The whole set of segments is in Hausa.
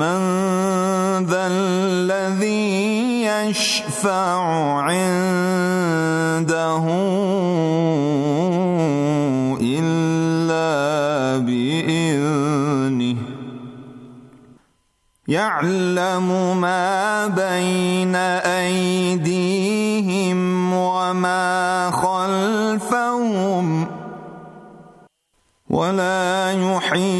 من ذا الذي يشفع عنده إلا بإذنه يعلم ما بين أيديهم وما خلفهم ولا يحيط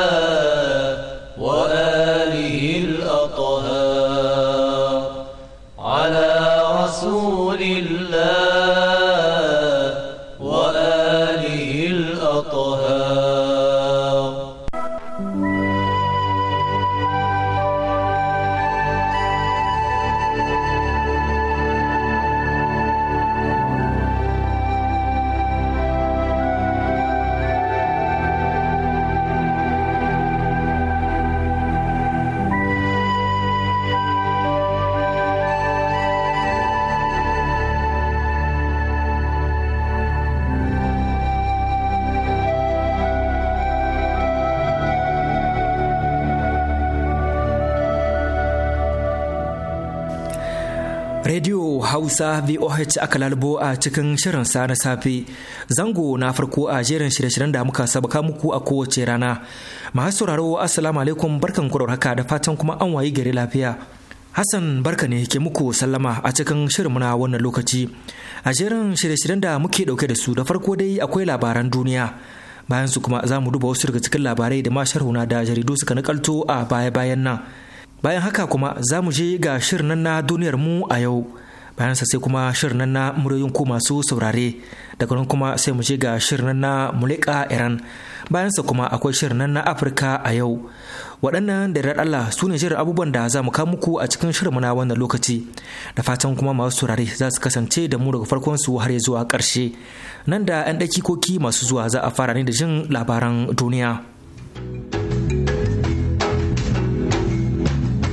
VOH aka lalubo a cikin shirin sa na safe. Zango na farko a jerin shirye-shiryen da muka sabaka muku a kowace rana. Masu sauraro 'asalamu alaikum barkan kwarar haka da fatan kuma an wayi gari lafiya. Hassan barka ne ke muku sallama a cikin shirin muna wannan lokaci. A jerin shirye-shiryen da muke dauke da su da farko dai akwai labaran duniya. Bayan su kuma za mu duba wasu daga cikin labarai da ma sharhuna da jaridu suka nakalto a baya-bayan nan. Bayan haka kuma za mu je ga shirin na duniyar mu a yau. bayan sa sai kuma shirin na muryoyin ku masu saurare daga nan kuma sai mu je ga shirin na mulika iran bayan sa kuma akwai shirin na afirka a yau waɗannan da dar Allah su ne shirin abubuwan da za mu kawo muku a cikin shirin na wannan lokaci da fatan kuma masu saurare za su kasance da mu daga farkon su har zuwa ƙarshe nan da 'yan dakikoki masu zuwa za a fara ne da jin labaran duniya.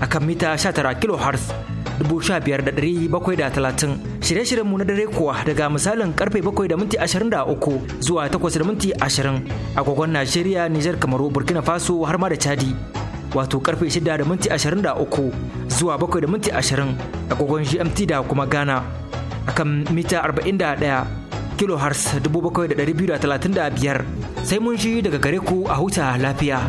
akan mita 19 da talatin, shirye-shiryenmu na dare kuwa daga misalin karfe bakwai da minti ashirin da uku zuwa takwas da minti ashirin agogon Najeriya, Nijar, Kamaru, Burkina Faso har ma da Chadi. Wato karfe shida da minti ashirin da uku zuwa bakwai da minti ashirin agogon GMT da kuma Ghana. Akan mita arba'in da da da ɗaya, dubu bakwai biyu talatin da biyar. sai mun shi daga gare ku a huta lafiya.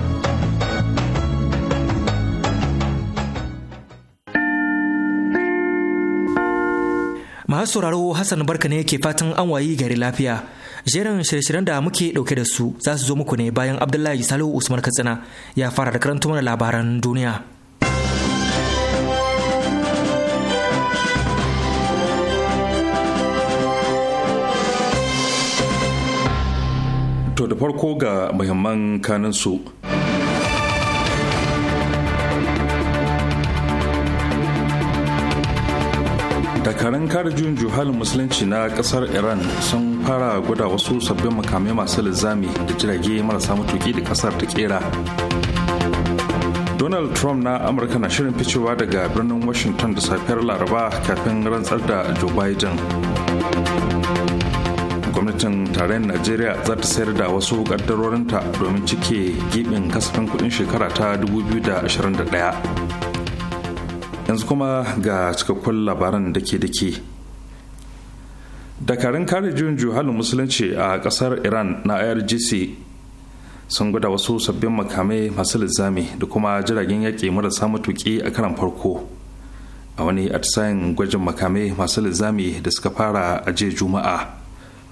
masu sauraro hassan barka ne ke fatan an wayi gari lafiya jerin shirye-shiryen da muke dauke da su za su zo muku ne bayan abdullahi salihu usman katsina ya fara da karanta mana labaran duniya to da farko ga muhimman kanin dakarun kare juyin juhalin musulunci na kasar iran sun fara gwada wasu sabbin makamai masu lizami da jirage marasa matuki da kasar ta kera donald trump na amurka na shirin ficewa daga birnin washington da safiyar laraba kafin rantsar da joe biden gwamnatin tarayyar najeriya za ta sayar da wasu kaddarorinta domin cike gibin kasafin kudin shekara ta 2021 yanzu kuma ga cikakkun labaran da ke da ke dakarun kare juyin juhalin musulunci a kasar iran na irgc sun gwada wasu sabbin makamai masu lizami da kuma jiragen yaƙi marasa matuƙi a karan farko a wani atisayen gwajin makamai masu lizami da suka fara a jiya juma'a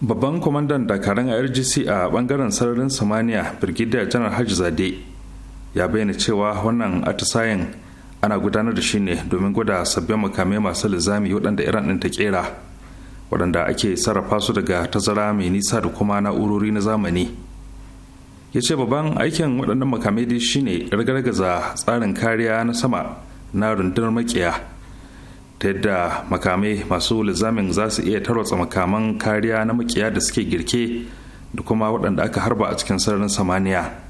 babban kwamandan dakarun irgc a bangaren sararin samaniya birgidiya janar hajji zade ya bayyana cewa wannan atisayen ana gudanar da shi ne domin gwada sabbin makamai masu lizami waɗanda iran ɗin ta kera waɗanda ake sarrafa su daga tazara mai nisa da kuma na'urori na zamani ya ce babban aikin waɗannan makamai dai shine ragargaza tsarin kariya na sama na rundunar makiya ta yadda makamai masu lizamin za su iya tarwatsa makaman kariya na makiya da suke girke da kuma waɗanda aka harba a cikin sararin samaniya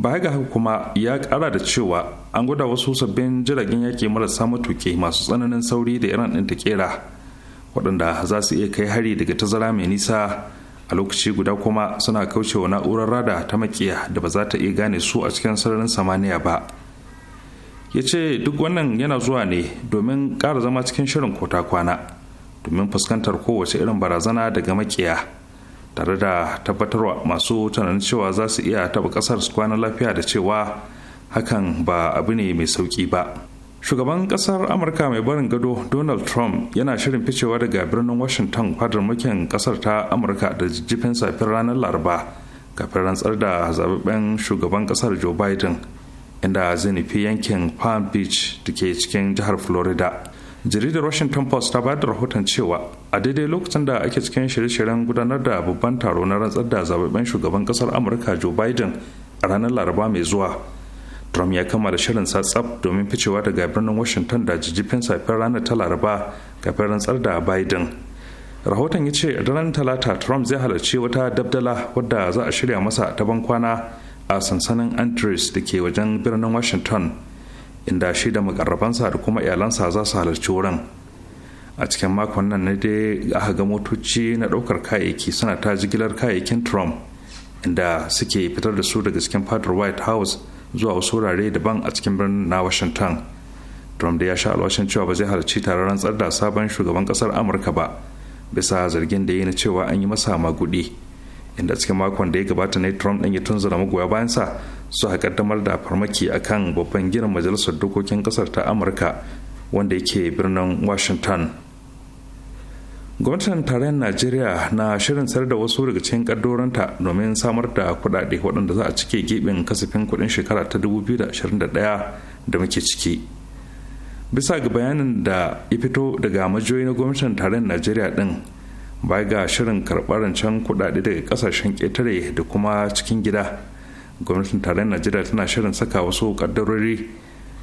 baya ga haka kuma ya kara da cewa an gwada wasu sabbin jiragen yaƙi marasa matuƙi masu tsananin sauri da iran ɗin ƙera waɗanda za su iya kai hari daga tazara mai nisa a lokaci guda kuma suna kaucewa na'urar rada ta makiya da ba za ta iya gane su a cikin sararin samaniya ba ya ce duk wannan yana zuwa ne domin kara zama cikin shirin kota kwana domin fuskantar kowace irin barazana daga makiya tare da tabbatarwa masu tunanin cewa za su iya taba kasar su kwana lafiya da cewa hakan ba abu ne mai sauki ba shugaban kasar amurka mai barin gado donald trump yana shirin ficewa daga birnin washington fadar mulkin kasar ta amurka da jijjifin safin ranar laraba kafin rantsar da zababben shugaban kasar joe biden inda zai nufi yankin palm beach da ke cikin jihar florida jaridar washington post ta bayar da rahoton cewa a daidai lokacin da ake cikin shirye-shiryen gudanar da babban taro na rantsar da zababben shugaban kasar amurka joe biden a ranar laraba mai zuwa trump ya kama da shirin satsaf domin ficewa daga birnin washington da jijjifin safiyar ranar ta laraba kafin rantsar da biden rahoton ya ce ranar talata trump zai halarci wata dabdala wadda za a shirya masa ta bankwana a sansanin andres da ke wajen birnin washington inda shi da makarrafansa da kuma iyalansa za su halarci wurin a cikin makon nan ne dai aka ga motoci na ɗaukar kayayyaki suna ta jigilar kayayyakin trump inda suke fitar da su daga cikin fadar white house zuwa wasu wurare daban a cikin birnin na washington trump da ya sha alwashin cewa ba zai halarci taron rantsar da sabon shugaban kasar amurka ba bisa zargin da ya na cewa an yi masa magudi inda cikin makon da ya gabata ne trump ɗin ya tunzura magoya bayansa su kaddamar da farmaki a kan babban gina majalisar dokokin ƙasar ta amurka wanda yake birnin washington gwamnatin tarayyar najeriya na shirin sayar da wasu daga cikin kaddoranta domin samar da kudade waɗanda za a cike gibin kasafin kudin shekara ta 2021 da muke ciki bisa ga bayanin da ya fito daga majiyoyi na gwamnatin tarayyar najeriya din baya ga shirin karɓar rancen kudade daga ƙasashen ƙetare da kuma cikin gida gwamnatin tarayyar najeriya tana shirin saka wasu kaddarori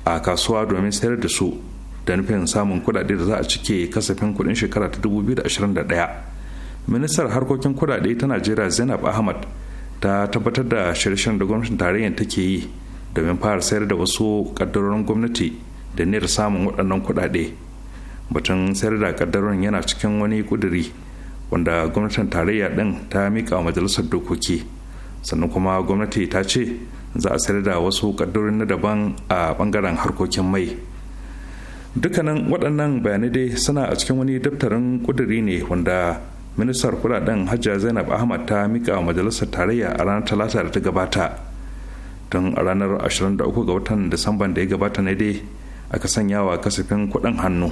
a kasuwa domin sayar da su da nufin samun kudade da za a cike kasafin kudin shekara ta 2021 ministar harkokin kudade ta najeriya zainab ahmad ta tabbatar da shirye-shiryen da gwamnatin tarayyar take yi domin fara sayar da wasu kaddarorin gwamnati da niyyar samun waɗannan kudade batun sayar da kaddarorin yana cikin wani kuduri wanda gwamnatin tarayya din ta miƙa majalisar dokoki sannan kuma gwamnati ta ce za a sayar da wasu kaddorin na daban a bangaren harkokin mai dukkanin waɗannan bayanai dai suna a cikin wani daftarin ƙuduri ne wanda ministar kudaden hajja zainab ahmad ta mika wa majalisar tarayya a ranar talata da ta gabata tun a ranar 23 ga watan disamban da ya gabata ne dai aka sanya wa kasafin kudin hannu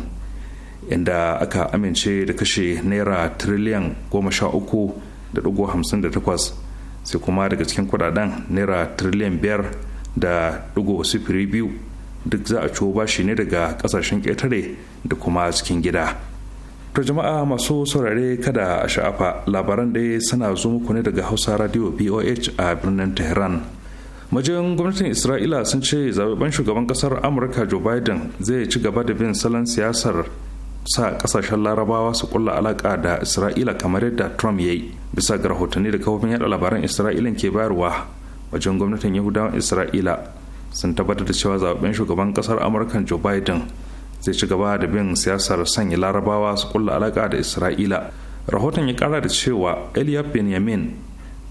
inda aka amince da kashe naira tiriliyan 13.58 sai kuma daga cikin kudaden naira trillion biyar da digo sifiri biyu duk za a ciwo bashi ne daga kasashen ƙetare da kuma cikin gida to jama'a masu saurare kada a sha'afa labaran dai suna zo muku ne daga hausa radio boh a birnin tehran majin gwamnatin isra'ila sun ce zaɓaɓɓen shugaban kasar amurka joe biden zai ci gaba da bin salon siyasar sa kasashen larabawa su kulla alaka da isra'ila kamar yadda trump ya yi bisa ga rahotanni da kafofin yada labaran isra'ila ke bayarwa wajen gwamnatin yahudawan isra'ila sun tabbatar da cewa zaɓen shugaban kasar amurka joe biden zai ci gaba da bin siyasar sanya larabawa su kulla alaka da isra'ila rahoton ya kara da cewa eliab benjamin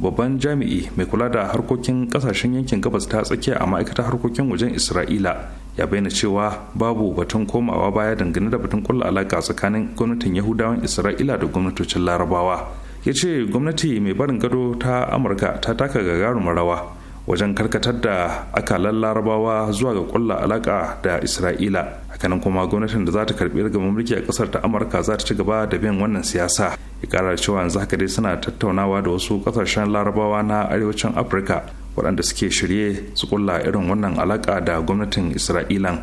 babban jami'i mai kula da harkokin kasashen yankin gabas ta tsakiya a ma'aikatar harkokin wajen isra'ila ya bayyana cewa babu batun komawa baya dangane da batun kulla alaka tsakanin gwamnatin yahudawan isra'ila da gwamnatocin larabawa ya ce gwamnati mai barin gado ta amurka ta taka gagarumin rawa wajen karkatar da akalan larabawa zuwa ga kulla alaƙa da isra'ila hakanan kuma gwamnatin da za ta karbi daga mulki a kasar ta amurka za ta ci gaba da bin wannan siyasa ikarar cewa yanzu haka dai suna tattaunawa da wasu kasashen larabawa na arewacin afirka waɗanda suke shirye su kulla irin wannan alaƙa da gwamnatin isra'ila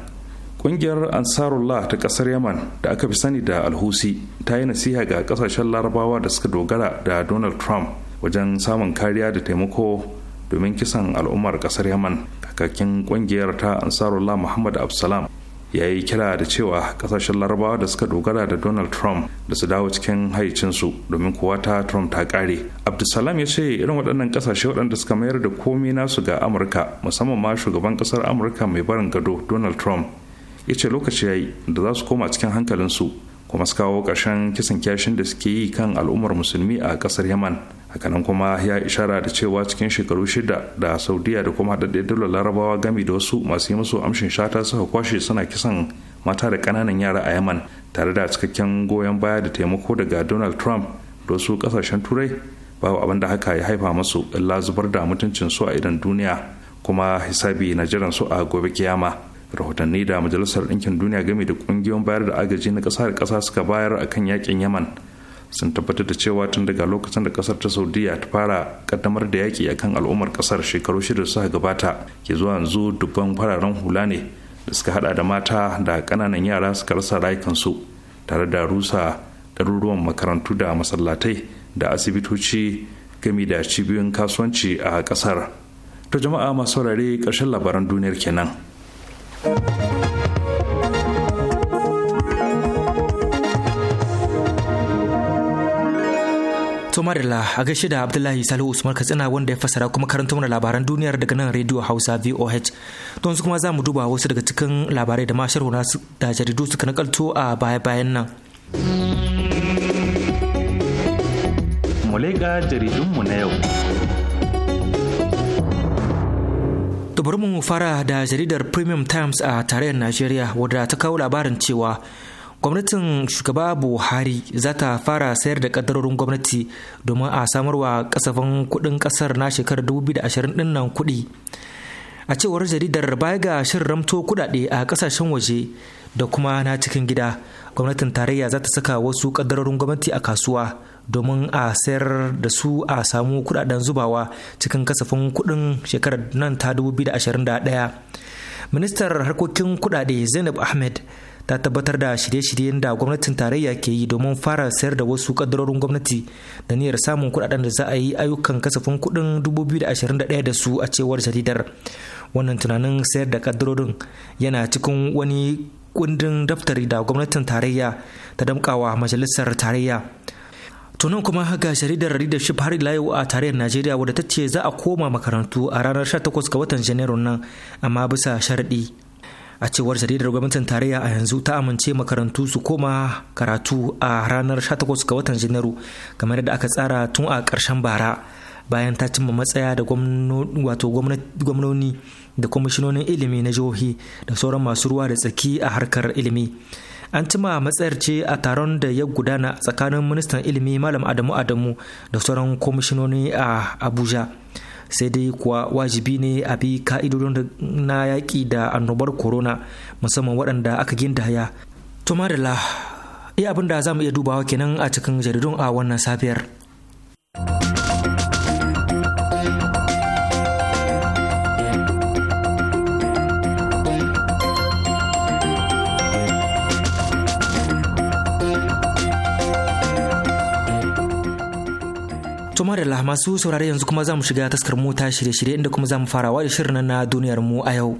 ƙungiyar ansarullah ta ƙasar yaman da aka fi sani da alhusi ta yi nasiha ga ƙasashen larabawa da suka dogara da donald trump wajen samun kariya da taimako domin kisan al'ummar ƙasar yaman kakakin ƙungiyar ta ansarullah muhammad absalam ya yi kira da cewa kasashen larabawa da suka dogara da donald trump da su dawo cikin haicinsu domin kuwa ta trump ta kare abdulsalam ya ce irin waɗannan kasashe waɗanda suka mayar da komi nasu ga amurka musamman ma shugaban ƙasar amurka mai barin gado donald trump ya ce lokaci ya yi da za su koma cikin hankalinsu kuma su kawo ƙarshen kisan kyashin da suke yi kan al'ummar musulmi a ƙasar yaman hakanan kuma ya ishara da cewa cikin shekaru shida da saudiya da kuma haɗaɗɗen dalar larabawa gami da wasu masu yi musu amshin shata suka kwashe suna kisan mata da ƙananan yara a yaman tare da cikakken goyon baya da taimako daga donald trump da wasu ƙasashen turai babu abin da haka ya haifa masu illa zubar da mutuncin su a idan duniya kuma hisabi na jiran su a gobe kiyama rahotanni da majalisar ɗinkin duniya game da ƙungiyoyin bayar da agaji na ƙasa da ƙasa suka bayar a kan yakin yaman sun tabbatar da cewa tun daga lokacin da ƙasar ta saudiya ta fara ƙaddamar da yaƙi a kan al'ummar ƙasar shekaru shida da suka gabata ke zuwa yanzu dubban fararen hula ne da suka haɗa da mata da ƙananan yara suka rasa rayukansu tare da rusa ɗaruruwan makarantu da masallatai da asibitoci gami da cibiyoyin kasuwanci a ƙasar. ta jama'a masu saurare ƙarshen labaran duniyar kenan. Tomarilla a gaishe da Abdullahi Salihu Usman Katsina wanda ya fasara kuma karanta mana labaran duniyar daga nan Radio Hausa VOH. Don su kuma za mu duba wasu daga cikin labarai da masharhuna da jaridu suka nakalto a baya-bayan nan. Mulega jaridunmu na yau. To bari mu fara da jaridar Premium Times a tarayyar Najeriya wadda ta kawo labarin cewa gwamnatin shugaba Buhari za ta fara sayar da kadarorin gwamnati domin a samarwa kasafin kudin kasar na shekarar 2020 din nan kudi. A cewar jaridar baya ga shirin ramto kudade a kasashen waje da kuma na cikin gida gwamnatin tarayya za ta saka wasu kadarorin gwamnati a kasuwa. domin a sayar da su a samu kudaden zubawa cikin kasafin kudin shekarar nan ta 2021 ministar harkokin kudade zainab ahmed ta tabbatar da shirye-shiryen da gwamnatin tarayya ke yi domin fara sayar da wasu kadarorin gwamnati da niyyar samun kudaden da za a yi ayyukan kasafin kudin 2021 da su a cewar jaridar wannan tunanin sayar da kadarorin yana cikin wani kundin daftari da gwamnatin tarayya ta damkawa majalisar tarayya to tunan kuma haka jaridar leadership har ila yau a tarayyar najeriya wadda ta ce za a koma makarantu a ranar 18 ga watan janairun nan amma bisa sharaɗi a cewar jaridar gwamnatin tarayya a yanzu ta amince makarantu su koma karatu a ranar 18 ga watan janairu kamar da aka tsara tun a ƙarshen bara bayan ta cimma matsaya da gwamnoni da kwamishinonin ilimi na jihohi da sauran masu ruwa da tsaki a harkar ilimi an cima matsayar ce a taron da ya gudana tsakanin ministan ilimi malam adamu adamu da sauran kwamishinoni a abuja sai dai kuwa wajibi ne a bi ka'idodin na yaƙi da annobar corona musamman waɗanda aka gindaya to madalla iya abin za mu iya dubawa kenan a cikin jaridun a wannan safiyar To da masu saurare yanzu kuma za mu shiga taskar mota shirye-shirye inda kuma za mu farawa da shirin na duniyar mu a yau.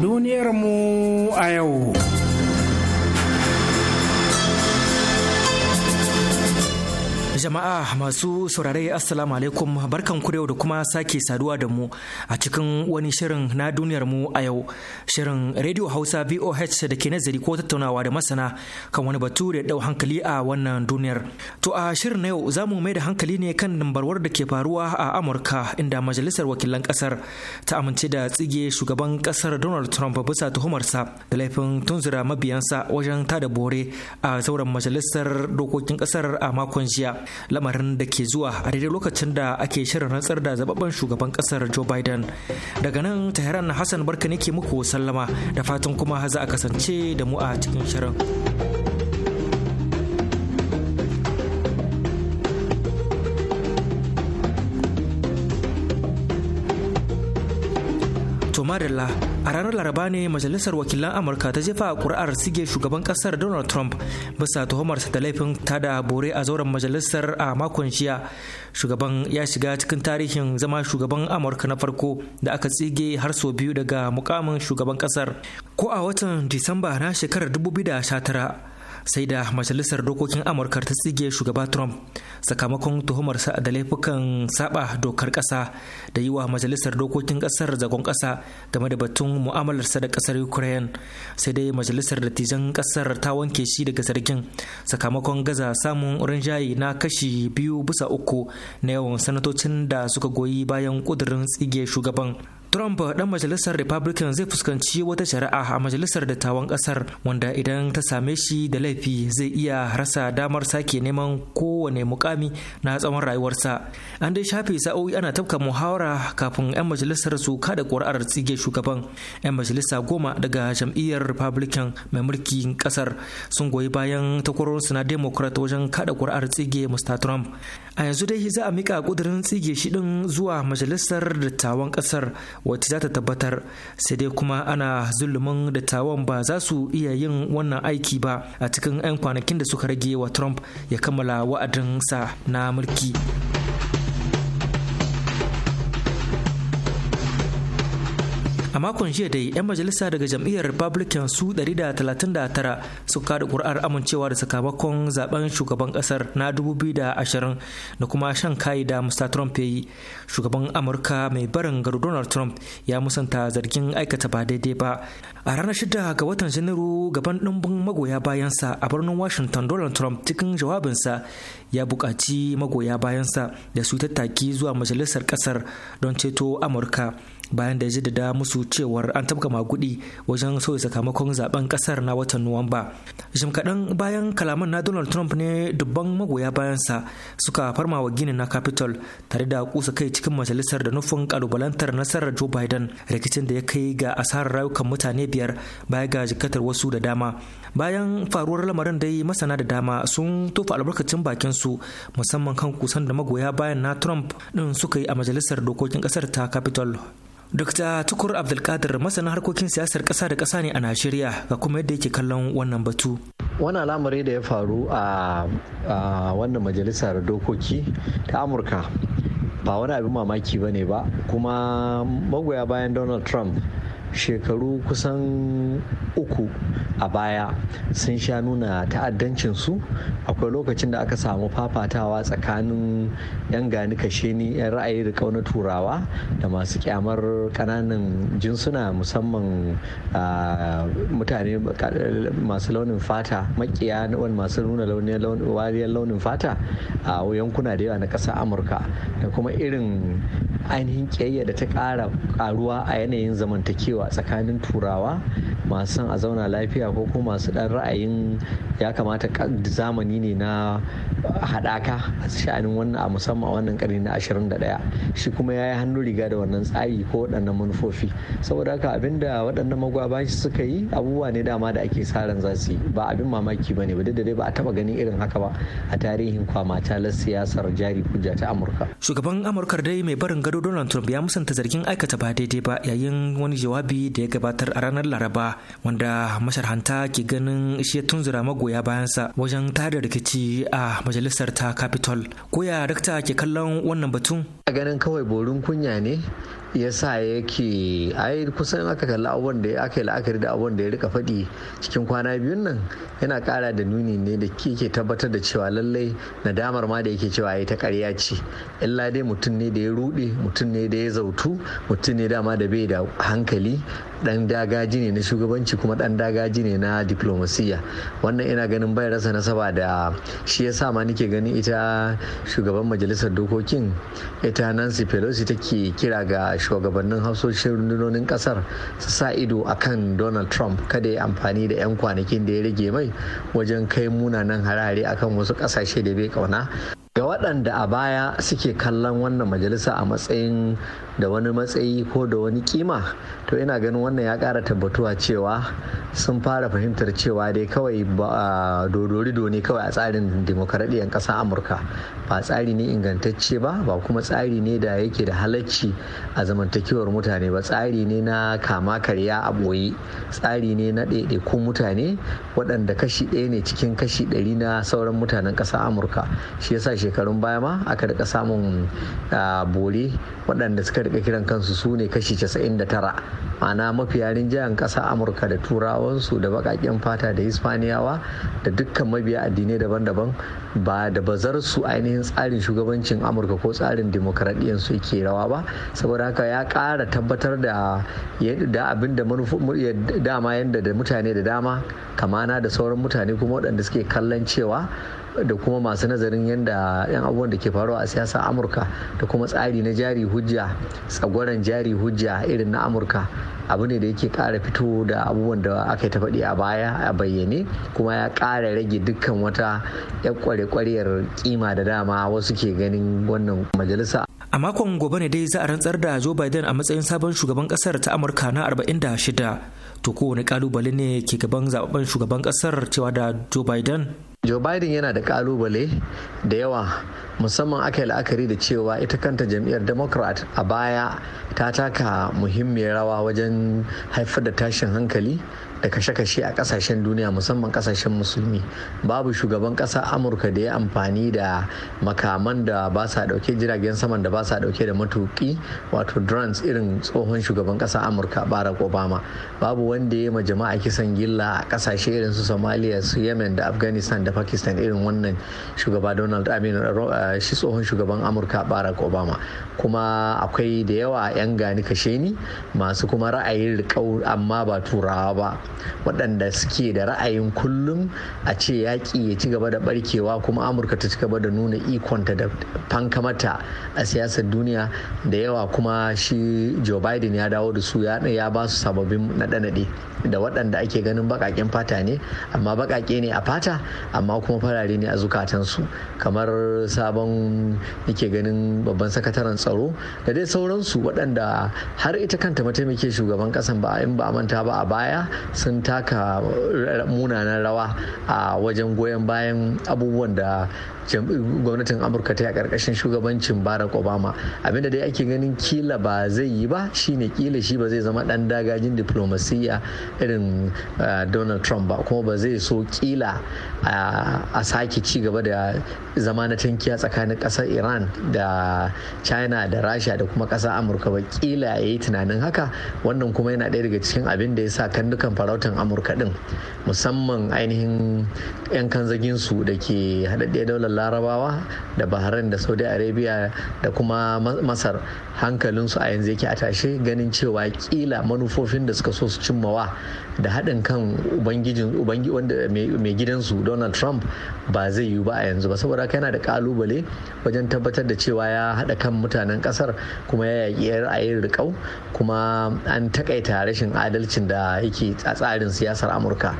Duniyar mu a yau. Jama'a masu saurare Assalamu alaikum barkan ku yau da kuma sake saduwa da mu a cikin wani shirin na duniyar mu a yau shirin Radio Hausa VOH da ke nazari ko tattaunawa da masana kan wani batu da dau hankali a wannan duniyar. To a shirin na yau za mu mai da hankali ne kan dambarwar da ke faruwa a Amurka inda majalisar wakilan kasar ta amince da tsige shugaban kasar Donald Trump bisa tuhumarsa da laifin tunzura mabiyansa wajen tada bore a sauran majalisar dokokin kasar a makon jiya. lamarin da ke zuwa a daidai lokacin da ake shirin rantsar da zababben shugaban kasar joe biden daga nan taheran hassan barka ne ke muku sallama da fatan kuma za a kasance da mu a cikin shirin. To a ranar Laraba ne Majalisar Wakilan Amurka ta jefa kuri'ar sige shugaban kasar Donald Trump bisa tuhumarsa da laifin tada bore a zauren majalisar a makon jiya. Shugaban ya shiga cikin tarihin zama shugaban Amurka na farko da aka tsige har sau biyu daga mukamin shugaban kasar. Ko a watan Disamba na shekarar 2019 sai da majalisar dokokin amurka ta tsige shugaba trump sakamakon tuhumarsa da laifukan saba dokar ƙasa da yi wa majalisar dokokin ƙasar zagon ƙasa game da batun mu'amalarsa da ƙasar ukraine sai dai majalisar dattijan ƙasar ta wanke shi daga zargin sakamakon gaza samun rinjaye na kashi biyu bisa uku na yawan sanatocin da suka goyi bayan kudurin tsige shugaban Trump ɗan majalisar Republican zai fuskanci wata shari'a a majalisar dattawan kasar wanda idan ta same shi da laifi zai iya rasa damar sake neman kowane mukami na tsawon rayuwarsa. An dai shafe sa'o'i ana tafka muhawara kafin 'yan majalisar su kada ƙuri'ar tsige shugaban. 'Yan majalisa goma daga jam'iyyar Republican mai mulkin kasar sun goyi bayan takwarorinsu na Democrat wajen kada ƙuri'ar tsige Mr. Trump. a yanzu dai za a mika kudirin tsige shi din zuwa majalisar dattawan kasar wacce za ta tabbatar sai dai kuma ana zulumin dattawan ba za su iya yin wannan aiki ba a cikin 'yan kwanakin da suka rage wa trump ya kammala wa'adinsa na mulki. a makon jiya dai 'yan majalisa daga jam'iyyar republican su 139 su kada kuri'ar amincewa da sakamakon zaben shugaban kasar na 2020 da kuma shan kai da mr trump ya yi shugaban amurka mai barin garu donald trump ya musanta zargin aikata ba daidai ba a ranar shida ga watan janairu gaban ɗimbin magoya bayansa a birnin washington donald trump cikin jawabinsa ya buƙaci magoya bayansa da su tattaki zuwa majalisar ƙasar don ceto amurka bayan da ya jaddada musu cewar an tabka magudi wajen sauya sakamakon zaben kasar na watan nuwamba jim kaɗan bayan kalaman na donald trump ne dubban magoya bayansa suka farma wa ginin na capitol tare da kusa kai cikin majalisar da nufin kalubalantar nasarar joe biden rikicin da ya kai ga asarar rayukan mutane biyar baya ga jikatar wasu da dama bayan faruwar lamarin dai masana da dama sun tofa albarkacin bakin su musamman kan kusan da magoya bayan na trump din suka yi a majalisar dokokin kasar ta capitol Dr. Tukur Abdulkadir masana harkokin siyasar ƙasa da kasa ne a Najeriya ga kuma yadda yake kallon wannan batu. Wani al'amari da ya faru a wannan majalisar dokoki ta Amurka ba wani abin mamaki ba ne ba kuma magoya bayan donald trump shekaru kusan uku a baya sun sha nuna ta'addancinsu akwai lokacin da aka samu fafatawa tsakanin 'yan gani ni 'yan ra'ayi da kauna turawa da masu kyamar kananan jinsuna musamman mutane masu launin fata makiya wani masu nuna wariyar launin fata a yankuna da yawa na ƙasar amurka da kuma irin ainihin ƙiyayya da ta ƙara ƙaruwa a yanayin zamantakewa a tsakanin turawa masu son a zauna lafiya ko kuma masu dan ra'ayin ya kamata zamani ne na haɗaka a sha'anin wannan a musamman a wannan karni na 21 shi kuma ya yi hannu riga da wannan tsari ko waɗannan manufofi saboda haka abin da waɗannan magwaba suka yi abubuwa ne dama da ake sa ran za su yi ba abin mamaki ba ne duk da dai ba a taba ganin irin haka ba a tarihin kwamatalar siyasar jari hujja ta amurka shugaban amurkar dai mai barin gado donald trump ya musanta zargin aikata ba daidai ba yayin wani jawabi jawabi da ya gabatar a ranar laraba wanda masharhanta ke ganin shi ya tunzura magoya bayansa wajen tada rikici a majalisar ta capitol koya rikta ke kallon wannan batun a ganin kawai borin kunya ne ya sa yake ai kusan aka kalli abubuwan da aka yi la'akari da abubuwan da ya rika faɗi cikin kwana biyun nan yana ƙara da nuni ne da ke tabbatar da cewa lallai nadamar ma da yake cewa ya ta ƙarya ce illa dai mutum ne da ya ruɗe mutum ne da ya zautu mutum ne dama da bai da hankali dan dagaji ne na shugabanci kuma dan dagaji ne na diplomasiya wannan ina ganin bai rasa nasaba da shi ya sa ma nike ganin ita shugaban majalisar dokokin ita nancy pelosi take kira ga shugabannin hausoshin rundunonin kasar su sa ido akan donald trump kada ya amfani da 'yan kwanakin da ya rage mai wajen kai munanan harare akan wasu kasashe da bai kauna ga waɗanda a baya suke kallon wannan majalisa a matsayin da wani matsayi ko da wani kima to ina ganin wannan ya kara tabbatuwa cewa sun fara fahimtar cewa dai kawai dodori ne kawai a tsarin demokaradiyyar ƙasar amurka ba tsari ne ingantacce ba ba kuma tsari ne da yake da halacci a zamantakewar mutane ba tsari ne na kama karya a ɓoye tsari ne na ɗaiɗaikun mutane waɗanda kashi ɗaya ne cikin kashi ɗari na sauran mutanen ƙasar amurka shi yasa shekarun baya ma aka rika samun bore waɗanda suka rika kiran kansu su ne kashi 99 ma'ana mafiya jihar ƙasa amurka da turawansu da baƙaƙen fata da hispaniyawa da dukkan mabiya addinai daban-daban ba da bazar su ainihin tsarin shugabancin amurka ko tsarin demokaradiyyar su ke rawa ba saboda haka ya ƙara tabbatar da abin da dama yadda da mutane da dama kamana da sauran mutane kuma waɗanda suke kallon cewa da kuma masu nazarin yadda yan abubuwan da ke faruwa a siyasar amurka da kuma tsari na jari hujja tsagwaron jari hujja irin na amurka abu ne da yake kara fito da abubuwan da aka ta faɗi a baya a bayyane kuma ya kara rage dukkan wata yan kware kwariyar kima da dama wasu ke ganin wannan majalisa a makon gobe ne dai za a rantsar da joe biden a matsayin sabon shugaban kasar ta amurka na 46 to kowane kalubale ne ke gaban zababben shugaban kasar cewa da joe biden Joe Biden yana da kalubale da yawa musamman aka yi la'akari da cewa ita kanta jam'iyyar democrat a baya ta taka muhimmiyar rawa wajen haifar da tashin hankali da kashe-kashe a kasashen duniya musamman kasashen musulmi babu shugaban kasa amurka da ya amfani da makaman da ba sa dauke jiragen saman da ba sa dauke da matuki wato drones irin tsohon shugaban kasa amurka barack obama babu wanda ya ma jama'a kisan gilla a kasashe irin su somalia su yemen da afghanistan da pakistan irin wannan shugaba donald amin uh, shi tsohon shugaban amurka barack obama kuma akwai da yawa 'yan gani kashe ni masu kuma ra'ayin riƙau amma ba turawa ba waɗanda suke da ra'ayin kullum a ce yaƙi ya ci gaba da barkewa kuma amurka ta ci gaba da nuna ikonta da fankamata a siyasar duniya da yawa kuma shi joe biden ya dawo da su ya ba su sababbin naɗe-naɗe da waɗanda ake ganin baƙaƙen fata ne amma baƙaƙe ne a fata amma kuma farare ne a zukatansu kamar sabon nake ganin babban sakataren tsaro da dai sauransu waɗanda har ita kanta mataimake shugaban ƙasan ba in ba a manta ba a baya sun taka munanan rawa a wajen goyon bayan abubuwan da gwamnatin amurka ta yi a ƙarƙashin shugabancin barack obama abinda dai ake ganin kila ba zai yi ba shine kila shi ba zai zama ɗan dagajin diplomasiya irin eh, donald trump ba kuma ba zai so kila eh, a sake ci gaba da zama na tankiya tsakanin ƙasar iran da china da rasha da kuma ƙasar amurka ba kila ya yi tunanin haka wannan kuma yana ɗaya daga cikin abin da ya sa kan dukan farautan amurka din musamman ainihin 'yan kanzaginsu su da ke haɗaɗɗe daular larabawa da bahrain da saudi arabia da kuma masar hankalinsu a yanzu yake a tashe ganin cewa kila manufofin da suka so su cimmawa da haɗin kan ubangijin ubangi wanda mai gidansu donald trump ba zai yiwu ba a yanzu ba saboda haka yana da kalubale wajen tabbatar da cewa ya haɗa kan mutanen ƙasar kuma ya yaƙi yin rikau kuma an takaita rashin adalcin da yake a tsarin siyasar amurka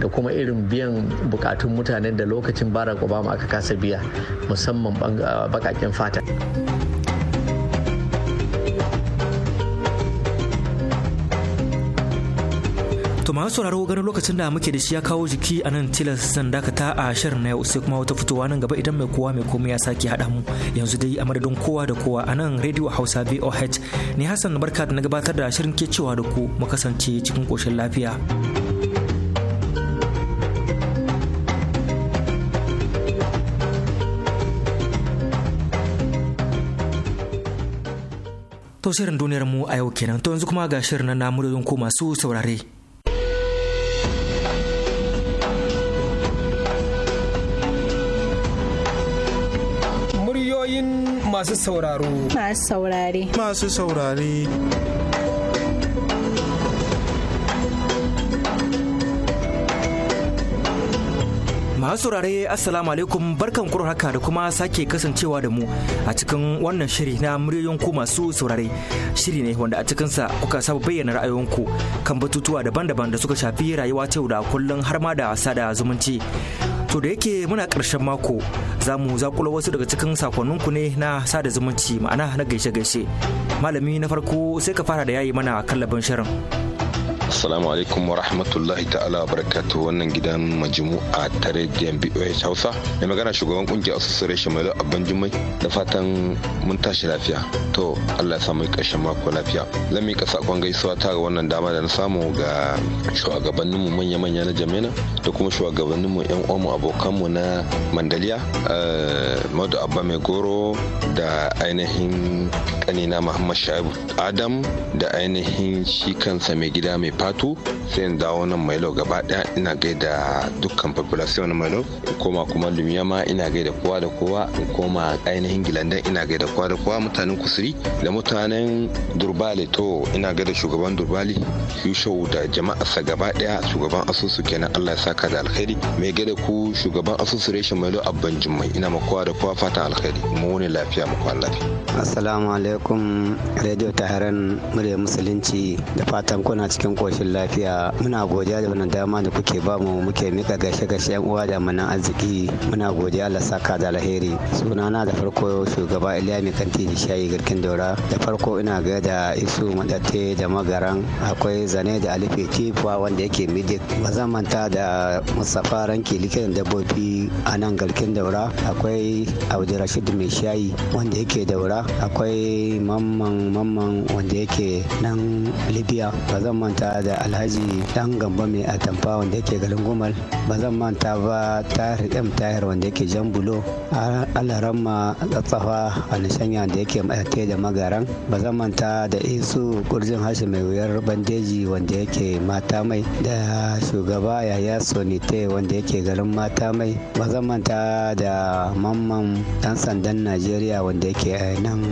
da kuma irin biyan bukatun mutanen da lokacin barack obama aka kasa biya musamman baƙaƙen fata To masu sauraro ganin lokacin da muke da shi ya kawo jiki a nan tilas zan dakata a shirin na yau sai kuma wata fitowa nan gaba idan mai kowa mai komai ya sake haɗa mu yanzu dai a madadin kowa da kowa a nan rediyo Hausa BOH ne Hassan barka da na gabatar da shirin ke cewa da ku mu kasance cikin koshin lafiya. To shirin duniyar mu a yau kenan to yanzu kuma ga shirin na muryoyin ko masu saurare. masu sauraro masu saurare masu saurare masu saurare assalamu alaikum barkan kuro haka da kuma sake kasancewa da mu a cikin wannan shiri na muryoyin ku masu saurare shiri ne wanda a cikinsa kuka saba bayyana ra'ayoyinku kan batutuwa daban-daban da suka shafi rayuwa ta yau da kullum har ma da sada zumunci To da yake muna karshen mako za mu zakula wasu daga cikin sakonninku ne na sada zumunci ma'ana na gaishe-gaishe. Malami na farko sai ka fara da yayi mana kallabin shirin. Assalamu alaikum wa rahmatullahi ta'ala wa barakatu wannan gidan majmu'a ta rediyon BOH Hausa. Mai magana shugaban kungiyar Association Mai Abban Jummai da fatan mun tashi lafiya. To Allah ya samu ƙarshen mako lafiya. Zan miƙa sakon gaisuwa ta ga wannan dama da na samu ga shugabanninmu manya-manya na Jamena da kuma shugabanninmu yan uwanmu abokanmu na Mandaliya, eh, Madu Abba Mai Goro da ainihin kanina Muhammad Shaibu Adam da ainihin shi kansa mai gida mai fatu sai in dawo nan mailo gaba daya ina gaida dukkan population na mailo in koma kuma lumiya ma ina gaida kowa da kowa in koma ainihin gilandan ina gaida kowa da kowa mutanen kusuri da mutanen durbali to ina gaida shugaban durbali yushau da jama'arsa gaba daya shugaban asusu kenan allah ya saka da alkhairi mai gaida ku shugaban asusu reshen mailo abban jummai ina ma kowa da kowa fatan alkhairi mu ne lafiya mu kwan lafiya assalamu alaikum radio taharan murya musulunci da fatan kuna cikin koshin lafiya muna godiya da wannan dama da kuke ba mu muke mika gashe gashe yan uwa da manan arziki muna godiya Allah saka da alheri sunana da farko shugaba Iliya mai kanti da shayi garkin daura da farko ina ga da isu madatte da magaran akwai zane da alife tifuwa wanda yake midik ba zan manta da Mustapha Ranki likitan dabbobi a nan garkin daura akwai Rashid mai shayi wanda yake daura akwai mamman mamman wanda yake nan Libya ba zan manta da alhaji dan gamba mai atamfa wanda yake garin gumal ba zan manta ba tayar m tayar wanda yake jan bulo alaramma tsatsafa a nishanya da yake mayate da magaran ba zan manta da isu kurjin hashi mai wuyar bandeji wanda yake mata mai da shugaba yaya sonite wanda yake garin mata mai ba zan manta da mamman dan sandan najeriya wanda yake nan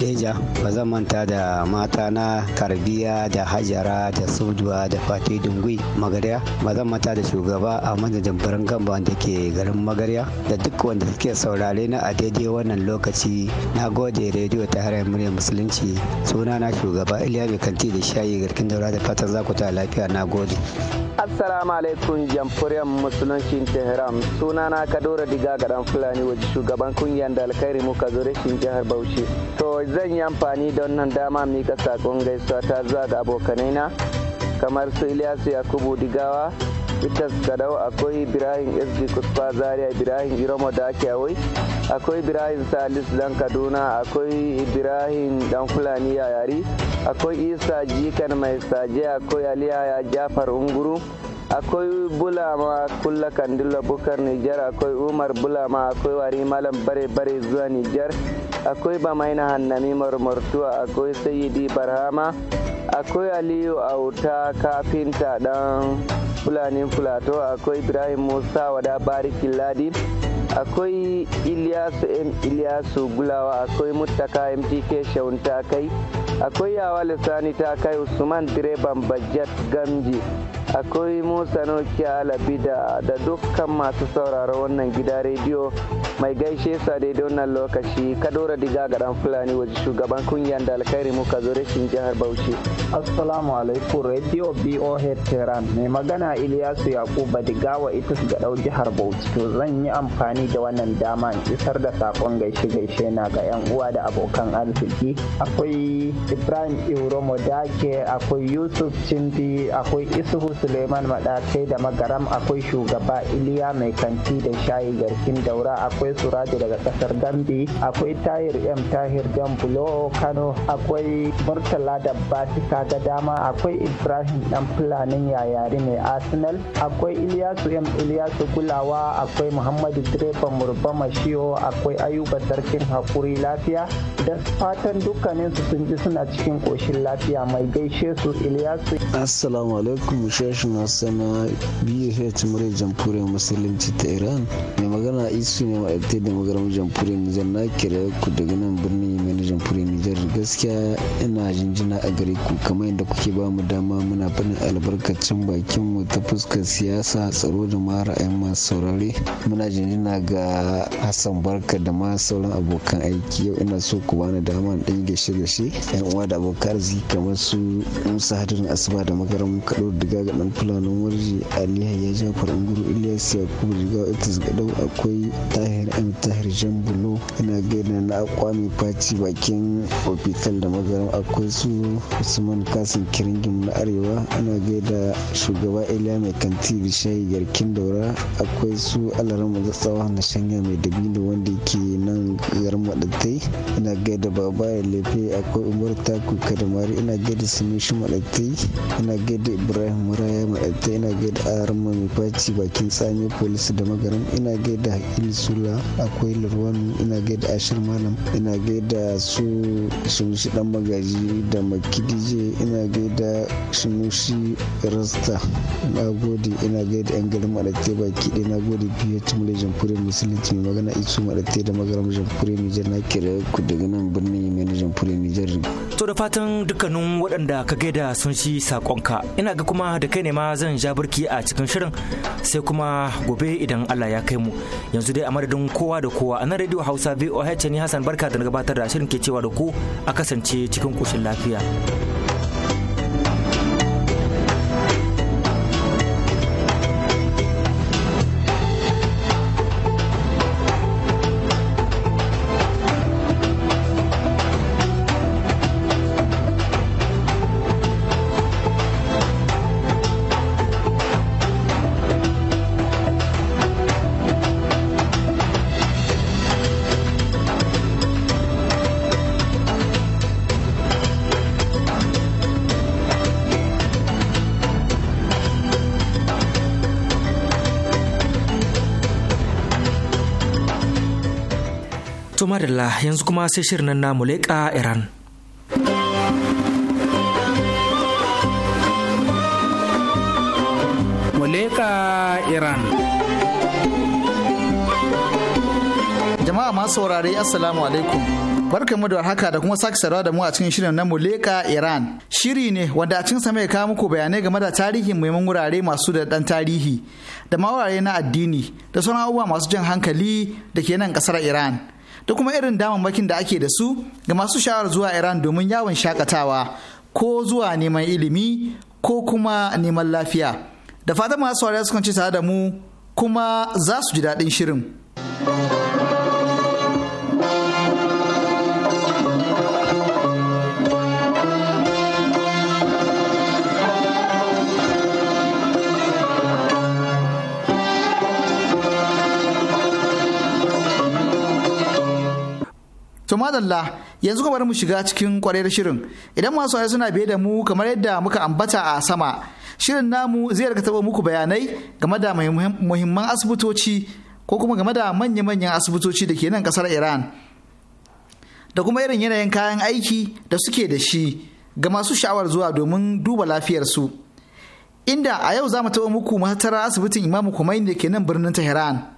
deja ba zan manta da mata na karbiya da hajara da su zuwa da fati dungui magarya mazan mata da shugaba a manajin birnin gamba da ke garin magarya da duk wanda suke saurare na a daidai wannan lokaci na gode rediyo ta harar murya musulunci suna na shugaba iliya mai kanti da shayi garkin daura da fatan za ku ta lafiya na gode assalamu alaikum jamhuriyar musulunci tehran sunana kadora diga ga dan fulani waje shugaban kungiyar da alkhairi muka zo rashin jihar bauchi to zan yi amfani don nan dama mika sakon gaisuwa ta zuwa ga abokanai na kamar su Ilyasu Yakubu Digawa Bitas Gadau akwai Ibrahim SD Kuspa Zaria Ibrahim Iromo Dakiyawai akwai Ibrahim Salis Dan Kaduna akwai Ibrahim Dan Fulani Yayari akwai Isa Jikan Mai Saje akwai Aliya Jafar Unguru akwai bulama kulla kandila bukar nijar akwai umar bulama akwai wari malam bare bare zuwa nijar akwai bamaina hannami marmartuwa akwai sayidi barhama akwai aliyu auta kafinta dan fulani fulato akwai ibrahim musa wada barikin ladi akwai iliyasu m iliyasu gulawa akwai mutaka mtk shaunta kai akwai yawa lissani ta kai usman direban bajet gamji akwai musa nokia alabi da dukkan masu sauraro wannan gida rediyo mai gaishe sa daidai wannan lokaci kadora diga ga dan fulani waje shugaban kungiyar da alkhairi muka zo rashin jihar bauchi assalamu alaikum radio boh tehran mai magana iliyasu yakuba digawa ita ga dau jihar bauchi to zan yi amfani da wannan dama in isar da sakon gaishe gaishe na ga yan uwa da abokan arziki akwai ibrahim iromo dake akwai yusuf cindi akwai isuhu suleiman madatai da magaram akwai shugaba iliya mai kanti da shayi garkin daura akwai suradi daga kasar gambi akwai tahir m tahir jambulo kano akwai murtala da batika da dama akwai ibrahim dan fulanin yayari mai arsenal akwai iliyasu m iliyasu gulawa akwai muhammadu direban murba mashiyo akwai ayuba sarkin hakuri lafiya da fatan dukkaninsu sun ji sun suna cikin koshin lafiya mai gaishe su Iliyasu. Assalamu alaikum shashin Hausa na BFH Murai Jamhuriyar Musulunci ta Iran. Mai magana isu ne ma'aikatar da magarar Jamhuriyar Nijar na kira ku daga nan birnin jamhuriyar nijar gaskiya ina jinjina a gare ku kamar yadda kuke ba mu dama muna faɗin albarkacin bakin mu ta fuskar siyasa tsaro da ma ra'ayin masu saurare muna jinjina ga hassan barka da ma sauran abokan aiki yau ina so ku bani dama ɗan gashe gashe yan uwa da abokan arziki kamar su musa hadirin asuba da magaran kaɗo diga ga ɗan fulanin warji ali ya jafar unguru ilyas yakubu diga itis gadau akwai tahir m tahir jambulo ina gaida na kwami faci ba bakin ofital da magaram akwai su usman kasin kiringin na arewa ana gaida shugaba iliya mai kanti da shayi garkin daura akwai su alaran mazatsawa na shanya mai dabino wanda ke nan yar maɗattai ina gaida baba ya lefe akwai umar taku kadamari ina gaida sunushi maɗattai ina gaida ibrahim muraya maɗattai ina gaida alarma mai faci bakin tsami polisi da magaram ina gaida hakili sula akwai lurwanu ina gaida ashir malam ina gaida su sunusi dan magaji da makidije ina gaida sunusi rasta na gode ina gaida yan garin malatte baki ɗaya na gode biyu ta mulai jamhuriyar musulunci mai magana isu malatte da magaram jamfure nijar na kira ku daga nan birnin yamai na jamhuriyar nijar to da fatan dukkanin waɗanda ka gaida sun shi sakonka ina ga kuma da kai ne ma zan ja birki a cikin shirin sai kuma gobe idan Allah ya kai mu yanzu dai a madadin kowa da kowa a nan radio hausa voh ne hassan barka da na gabatar da shirin ke cewa da ku a kasance cikin koshin lafiya. Adalla yanzu kuma sai shirin nan namu leƙa Iran. Muleka Iran. Jama'a masu saurare Assalamu alaikum. barka mu da haka da kuma sake sarawa da mu a cikin shirin na Muleka Iran. Shiri ne wanda a cikin sa mai kawo muku bayanai game da tarihin muhimman wurare masu da dan tarihi da ma na addini da sauran abubuwa masu jan hankali da ke nan kasar Iran. da kuma irin damammakin da ake da su ga masu sha'awar zuwa Iran domin yawon shakatawa ko zuwa neman ilimi ko kuma neman lafiya. Da fata masu saurari sukan ci tare da mu kuma za su ji daɗin shirin. To madalla yanzu kuma bari mu shiga cikin kwarar shirin idan masu waya suna biye da mu kamar yadda muka ambata a sama shirin namu zai rika taɓa muku bayanai game da muhimman asibitoci ko kuma game da manya-manyan asibitoci da ke nan kasar Iran da kuma irin yanayin kayan aiki da suke da shi ga masu sha'awar zuwa domin duba lafiyarsu. Inda a yau za mu taɓa muku matattara asibitin Imamu Khomeini da ke nan birnin Tehran.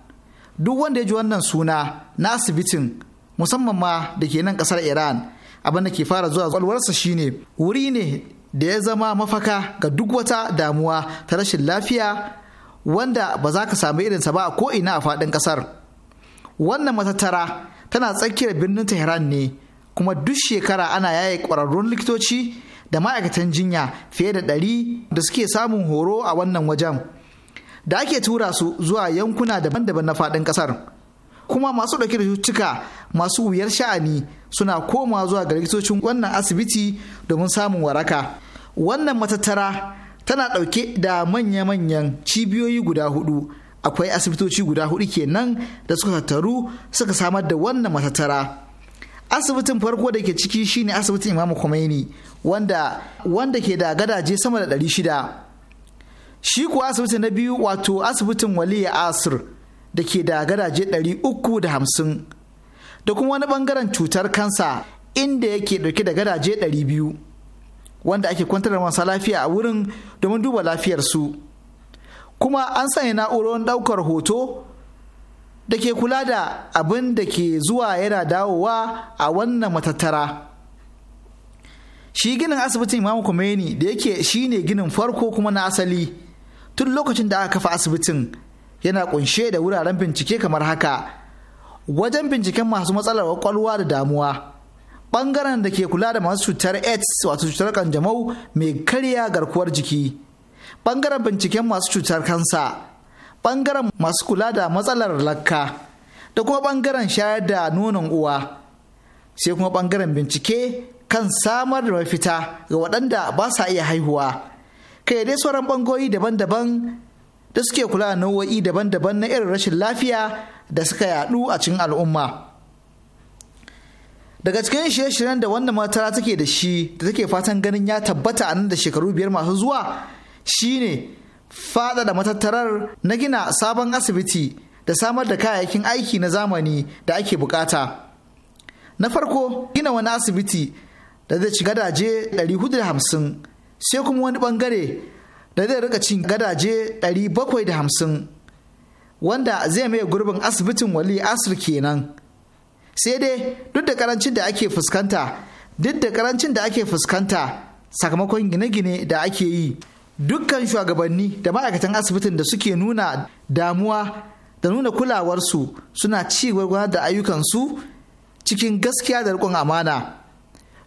Duk wanda ya ji wannan suna na asibitin musamman ma da ke nan kasar iran abin da ke fara zuwa kwalwarsa shine wuri ne da ya zama mafaka ga duk wata damuwa ta rashin lafiya wanda ba za ka samu irinsa ba a ina a faɗin ƙasar wannan matattara tana tsakiyar birnin tehran ne kuma duk shekara ana yaye ƙwararrun likitoci da ma'aikatan jinya fiye da ɗari da suke samun horo a wannan wajen da ake tura su zuwa yankuna daban-daban na faɗin ƙasar kuma masu ɗauke da cututtuka masu wuyar sha'ani suna komawa zuwa ga likitocin wannan asibiti domin samun waraka wannan matattara tana ɗauke da manya-manyan cibiyoyi guda hudu akwai asibitoci guda hudu kenan da suka tattaru suka samar da wannan matattara asibitin farko da ke ciki shine asibitin imamu Khomeini wanda wanda ke da gadaje sama da 600 shi kuwa asibitin na biyu wato asibitin waliya asir da ke da gadaje 350 da kuma wani bangaren cutar kansa inda yake dauke da gadaje 200 wanda ake kwantar da masu lafiya a wurin domin duba lafiyarsu kuma an sanya na'urorin daukar hoto da ke kula da abin da ke zuwa yana dawowa a wannan matattara shi ginin asibitin imamu Khomeini da yake shine ginin farko kuma na asali tun lokacin da aka kafa asibitin yana kunshe da wuraren bincike kamar haka wajen binciken masu matsalar kwakwalwa da damuwa bangaren da ke kula da masu cutar aids wato cutar kanjamau mai karya garkuwar jiki bangaren binciken masu cutar kansa bangaren masu kula da matsalar lakka da kuma bangaren shayar da nonon uwa sai kuma bangaren bincike kan samar da mafita ga waɗanda ba sa iya haihuwa kai dai sauran bangoyi daban-daban da suke kula da nau'o'i daban-daban na irin rashin lafiya da suka yadu a cikin al'umma daga cikin shirye-shiryen da wannan matara take da shi da take fatan ganin ya tabbata a nan da shekaru biyar masu zuwa shine faɗaɗa matattarar na gina sabon asibiti da samar da kayayyakin aiki na zamani da ake bukata na farko gina wani asibiti da zai ci gadaje 450 sai kuma wani bangare da zai rika cin gadaje 750 wanda zai mai gurbin asibitin wali asir kenan sai dai duk da karancin da ake fuskanta duk da karancin da ake fuskanta sakamakon gine-gine da ake yi dukkan shugabanni da ma'aikatan asibitin da suke nuna damuwa da nuna kulawarsu suna ci gwargwana da ayyukansu cikin gaskiya da riƙon amana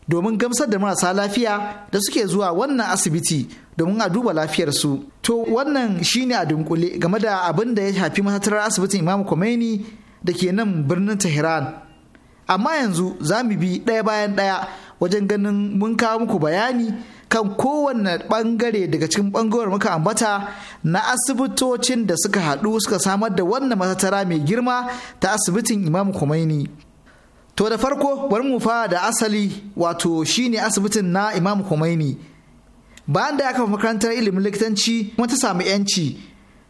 domin gamsar da marasa lafiya da suke zuwa wannan asibiti domin a duba lafiyarsu. To wannan shine a dunkule game da abin da ya shafi matattarar asibitin Imam Khomeini da ke nan birnin Tehran. Amma yanzu za mu bi ɗaya bayan ɗaya wajen ganin mun kawo muku bayani kan kowanne ɓangare daga cikin ɓangaren muka ambata na asibitocin da suka haɗu suka samar da wannan matattara mai girma ta asibitin Imam Khomeini. To da farko bari mu fara da asali wato shine asibitin na Imam Khomeini. Bayan da aka makarantar ilimin likitanci kuma ta samu yanci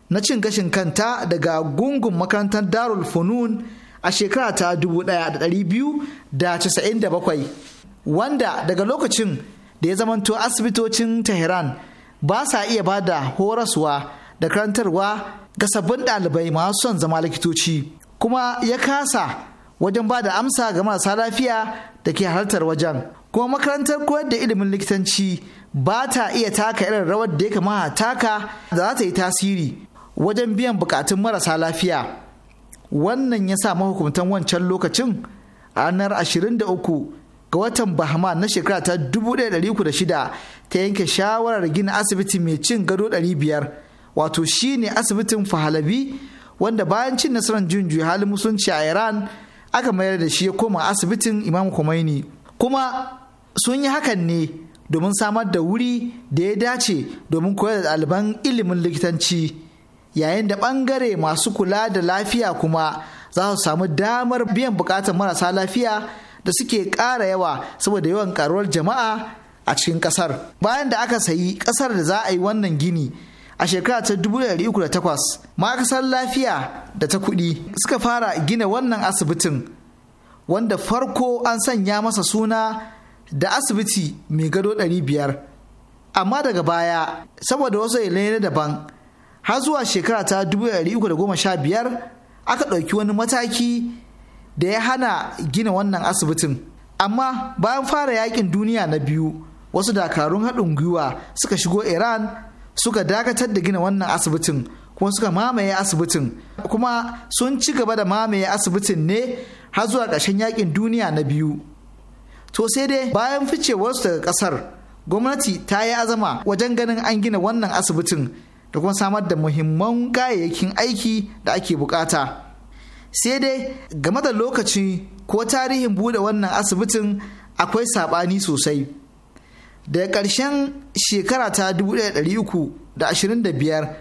na cin gashin kanta daga gungun makarantar Darul Funun a shekara ta bakwai, wanda daga lokacin da ya zamanto asibitocin Tehran ba sa iya ba da horaswa da karantarwa ga sabbin ɗalibai masu son zama likitoci kuma ya kasa wajen ba da amsa ga marasa lafiya da ke halartar wajen kuma makarantar koyar da ilimin likitanci ba ta iya taka irin rawar da ya kamata taka da za ta yi tasiri wajen biyan bukatun marasa lafiya wannan ya sa mahukuntan wancan lokacin a ranar 23 ga watan bahama na shekara ta 1306 ta yanke shawarar gina asibiti mai cin gado 500 wato shine asibitin fahalabi wanda bayan cin nasarar jin halin musulunci a iran aka mayar da shi ya koma asibitin imam Khomeini kuma sun yi hakan ne domin samar da wuri da ya dace domin koyar da ɗaliban ilimin likitanci yayin da ɓangare masu kula da lafiya kuma za su samu damar biyan bukatar marasa lafiya da suke ƙara yawa saboda yawan ƙaruwar jama'a a cikin ƙasar bayan da aka sayi ƙasar da za a yi wannan gini a shekara ta 1308 ma'aikatar lafiya da ta kuɗi suka fara gina wannan asibitin wanda farko an sanya masa suna da asibiti mai gado 500 amma daga baya saboda wasu na daban har zuwa shekara ta 1315 aka ɗauki wani mataki da ya hana gina wannan asibitin amma bayan fara yakin duniya na biyu wasu dakarun haɗin gwiwa suka shigo iran suka dakatar da gina wannan asibitin kuma suka mamaye asibitin kuma sun ci gaba da mamaye asibitin ne har zuwa ƙarshen yakin duniya na biyu to sai dai bayan ficewarsu daga ƙasar gwamnati ta yi azama wajen ganin an gina wannan asibitin da kuma samar da muhimman kayayyakin aiki da ake bukata sai dai game da lokaci ko tarihin bude wannan asibitin akwai saɓani sosai daga ƙarshen shekara ta 1325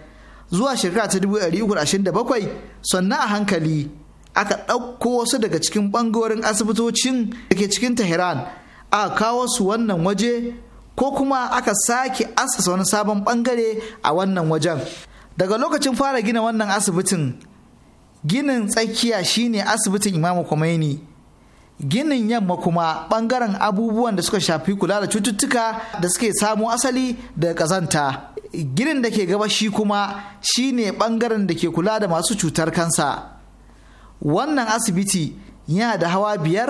zuwa shekara ta 1327 sannan a hankali aka ɗauko wasu daga cikin ɓangarorin asibitocin da ke cikin tehran aka kawo su wannan waje ko kuma aka sake asasa wani sabon ɓangare a wannan wajen daga lokacin fara gina wannan asibitin ginin tsakiya shine asibitin imamu Khomeini. ginin yamma kuma bangaren abubuwan da suka shafi kula da cututtuka da suke samu asali daga kazanta ginin da ke gabashi kuma shine bangaren da ke kula da masu cutar kansa wannan asibiti yana da hawa biyar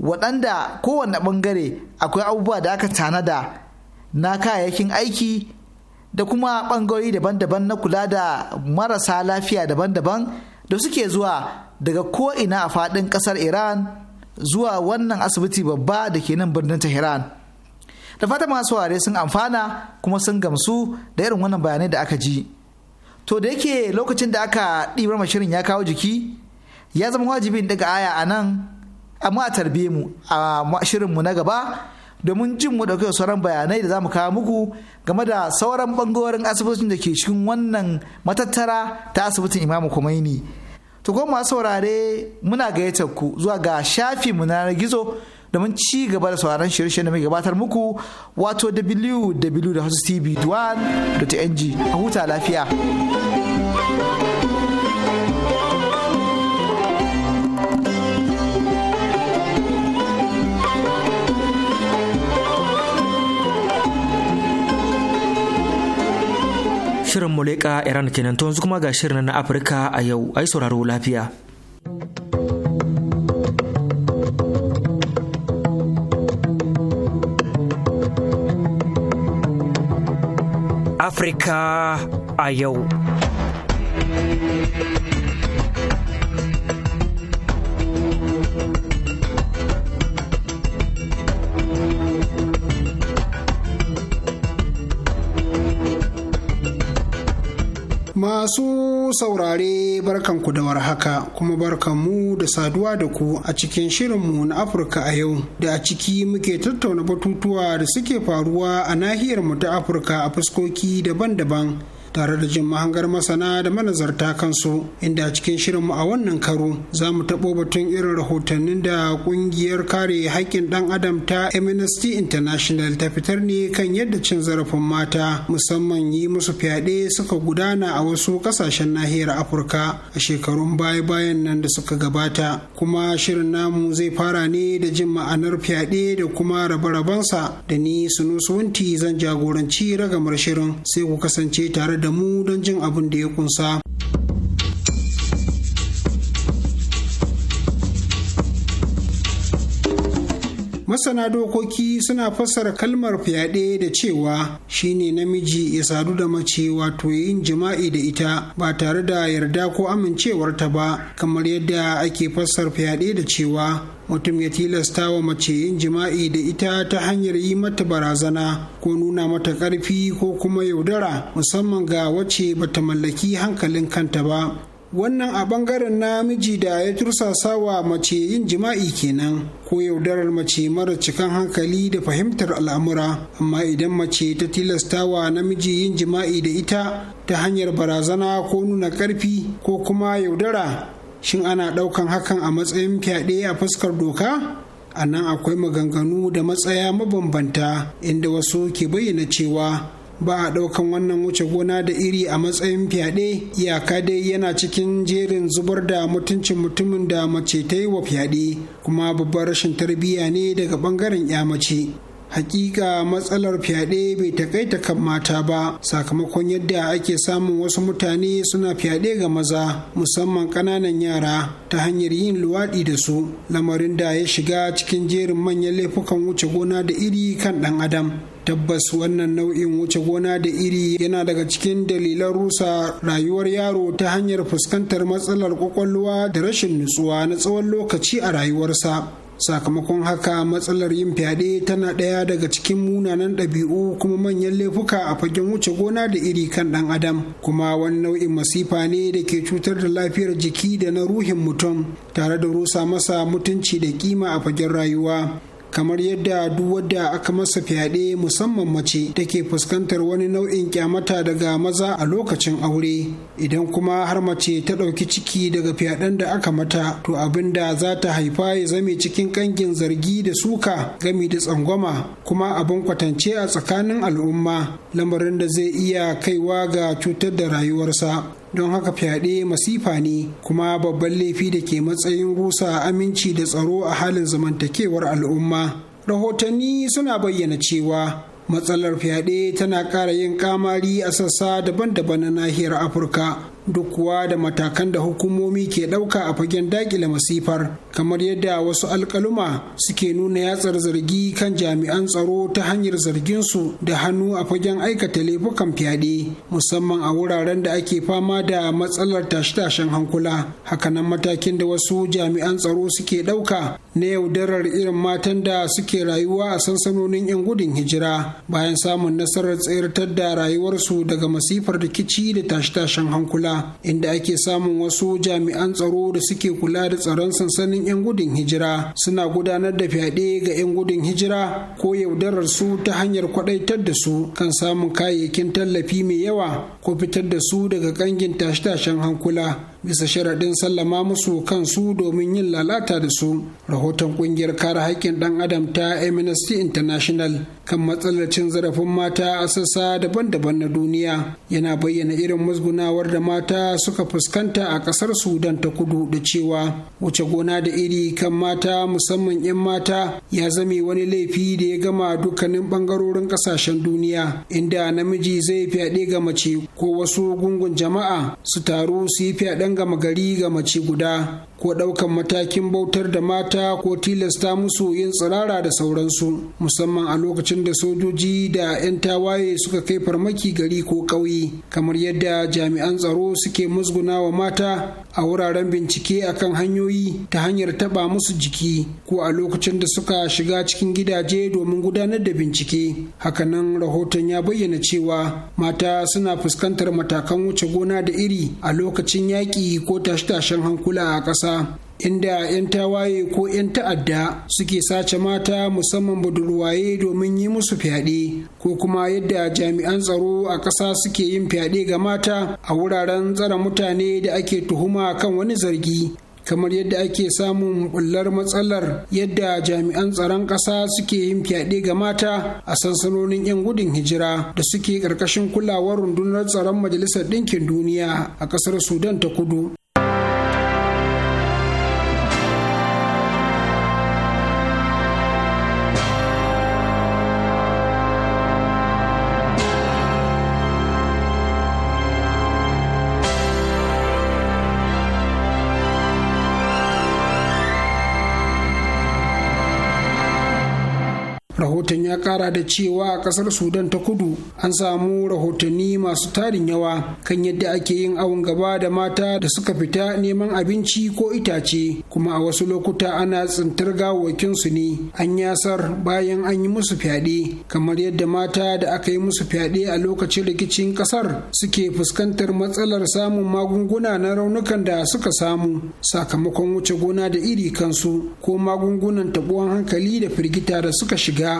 waɗanda kowane bangare akwai abubuwa da aka tanada na kayayyakin aiki da kuma bangarori daban-daban na kula da marasa lafiya daban-daban da suke zuwa daga ko'ina a faɗin ƙasar iran zuwa wannan asibiti babba da ke nan birnin Tehran. Da fata masu ware sun amfana kuma sun gamsu da irin wannan bayanai da aka ji. To da yake lokacin da aka ɗibar shirin ya kawo jiki ya zama wajibin daga aya a nan amma a tarbe mu a mu na gaba domin jin mu ɗauke sauran bayanai da za mu kawo muku game da sauran bangarorin asibitin da ke cikin wannan matattara ta asibitin Imamu Khomeini. to goma saurare muna gayyatar ku zuwa ga shafi mu na gizo domin ci gaba da sauraron shirye shiryen da mai gabatar muku wato www.hostv1.ng a huta lafiya. Shirin Muleka Iran kenan to yanzu kuma ga shirin na Afirka a yau ai sauraro lafiya. Afirka a yau. Masu saurare barkanku da warhaka kuma barkanmu da saduwa da ku a cikin shirinmu na Afirka a yau da a ciki muke tattauna batutuwa da suke faruwa a nahiyar mu ta Afirka a fuskoki daban-daban tare da jin mahangar masana da manazarta kansu inda a cikin shirinmu a wannan karo za mu taɓo batun irin rahotannin da ƙungiyar kare haƙƙin ɗan adam ta amnesty international ta fitar ne kan yadda cin zarafin mata musamman yi musu fyaɗe suka gudana a wasu ƙasashen nahiyar afirka a shekarun baya-bayan nan da suka gabata kuma shirin namu zai fara ne da jin ma'anar fyaɗe da kuma rabe-rabensa da ni wunti zan jagoranci ragamar shirin sai ku kasance tare da mu don jin abin da ya kunsa. masana dokoki suna fassara kalmar fyaɗe da cewa shine namiji ya sadu da mace wato yin jima'i da ita ba tare da yarda ko amincewarta ba kamar yadda ake fassar fyaɗe da cewa mutum ya tilasta wa mace yin jima'i da ita ta hanyar yi mata barazana ko nuna mata ƙarfi ko kuma yaudara musamman ga wace bata mallaki hankalin kanta ba wannan a bangaren namiji da ya tursasa wa mace yin jima'i kenan ko yaudarar mace mara cikan hankali da fahimtar al'amura amma idan mace ta tilasta wa namiji yin jima'i da ita ta hanyar barazana ko nuna karfi ko kuma yaudara shin ana ɗaukan hakan a matsayin fyaɗe a fuskar doka a nan akwai maganganu da matsaya mabambanta inda wasu ke bayyana cewa ba a ɗaukan wannan wuce gona da iri a matsayin fyaɗe iyaka dai yana cikin jerin zubar da mutuncin mutumin da mace ta yi wa fyaɗe kuma babbar rashin tarbiyya ne daga ɓangaren 'ya mace hakika matsalar fyaɗe bai takaita kan mata ba sakamakon yadda ake samun wasu mutane suna fyaɗe ga maza musamman ƙananan yara ta hanyar yin luwaɗi da su lamarin da ya shiga cikin jerin manyan laifukan wuce gona da iri kan ɗan adam tabbas wannan nau'in wuce gona da iri yana daga cikin dalilan rusa rayuwar yaro ta hanyar fuskantar matsalar kwakwalwa da rashin nutsuwa na tsawon lokaci a rayuwarsa sakamakon haka matsalar yin fyaɗe tana ɗaya daga cikin munanan ɗabi'u kuma manyan laifuka a fagen wuce gona da iri kan ɗan adam kuma wani nau'in masifa ne da ke cutar da lafiyar jiki da na ruhin mutum tare da rusa masa mutunci da kima a fagen rayuwa kamar yadda duk wadda aka masa fyaɗe musamman mace take fuskantar wani nau'in kyamata daga maza a lokacin aure idan kuma har mace ta ɗauki ciki daga fyaɗen da aka mata to abin da za ta haifa ya zame cikin ƙangin zargi da suka gami da tsangwama kuma abin kwatance a tsakanin al'umma lamarin da zai iya kaiwa ga cutar da rayuwarsa don haka fyaɗe masifa ne kuma babban laifi da ke matsayin rusa aminci da tsaro a halin zamantakewar al'umma rahotanni suna bayyana cewa matsalar fyaɗe tana ƙara yin kamari a sassa daban-daban na nahiyar afirka duk kuwa da matakan da hukumomi ke ɗauka a fagen daƙile masifar kamar yadda wasu alkaluma suke nuna yatsar zargi kan jami'an tsaro ta hanyar zarginsu da hannu a fagen aikata laifukan fyaɗe musamman a wuraren da ake fama da matsalar tashe-tashen hankula hakanan matakin da wasu jami'an tsaro suke ɗauka na yaudarar irin matan da suke rayuwa a sansanonin 'yan gudun hijira bayan samun nasarar tsayartar da rayuwarsu daga masifar rikici da tashe-tashen hankula inda ake samun wasu jami'an tsaro da suke kula da tsaron sansanin 'yan gudun hijira suna gudanar da fyaɗe ga 'yan gudun hijira ko yaudarar su ta hanyar kwaɗaitar da su kan samun kayayyakin tallafi mai yawa ko fitar da su daga kangin tashe-tashen hankula bisa sharaɗin sallama musu kansu domin yin lalata da su rahoton ƙungiyar kare haƙƙin ɗan adam ta amnesty international kan matsalar cin zarafin mata a sassa daban-daban na duniya yana bayyana irin musgunawar da mata suka fuskanta a ƙasar sudan ta kudu da cewa wace gona da iri kan mata musamman 'yan mata ya zame wani laifi da ya gama dukkanin ɓangarorin ƙasashen duniya inda namiji zai fyaɗe ga mace ko wasu gungun jama'a su taru su yi fyaɗen gama gari ga mace guda ko ɗaukan matakin bautar da mata ko tilasta musu yin tsirara da sauransu musamman a lokacin da sojoji da 'yan tawaye suka kai farmaki gari ko ƙauye kamar yadda jami'an tsaro suke musguna wa mata a wuraren bincike akan hanyoyi ta hanyar taɓa musu jiki ko a lokacin da suka shiga cikin gidaje domin gudanar da bincike hakanan rahoton ya bayyana cewa mata suna fuskantar matakan wuce gona da iri a lokacin yaƙi ko tashe-tashen hankula a ƙasa inda 'yan tawaye ko 'yan ta'adda suke sace mata musamman budurwaye domin yi musu fyaɗe ko kuma yadda jami'an tsaro a ƙasa suke yin fyaɗe ga mata a wuraren tsare mutane da ake tuhuma kan wani zargi kamar yadda ake samun bullar matsalar yadda jami'an tsaron ƙasa suke yin fyaɗe ga mata a sansanonin 'yan gudun hijira da suke ƙarƙashin kulawar rundunar tsaron majalisar ɗinkin duniya a ƙasar sudan ta kudu ya kara da cewa a kasar sudan ta kudu an samu rahotanni masu tarin yawa kan yadda ake yin awon gaba da mata da suka fita neman abinci ko itace kuma a wasu lokuta ana tsintar su ne an yasar bayan an yi musu fyaɗe kamar yadda mata da aka yi musu fyaɗe a lokacin rikicin kasar suke fuskantar matsalar samun magunguna na raunukan da suka samu sakamakon wuce gona da iri kansu ko magungunan tabuwan hankali da firgita da suka shiga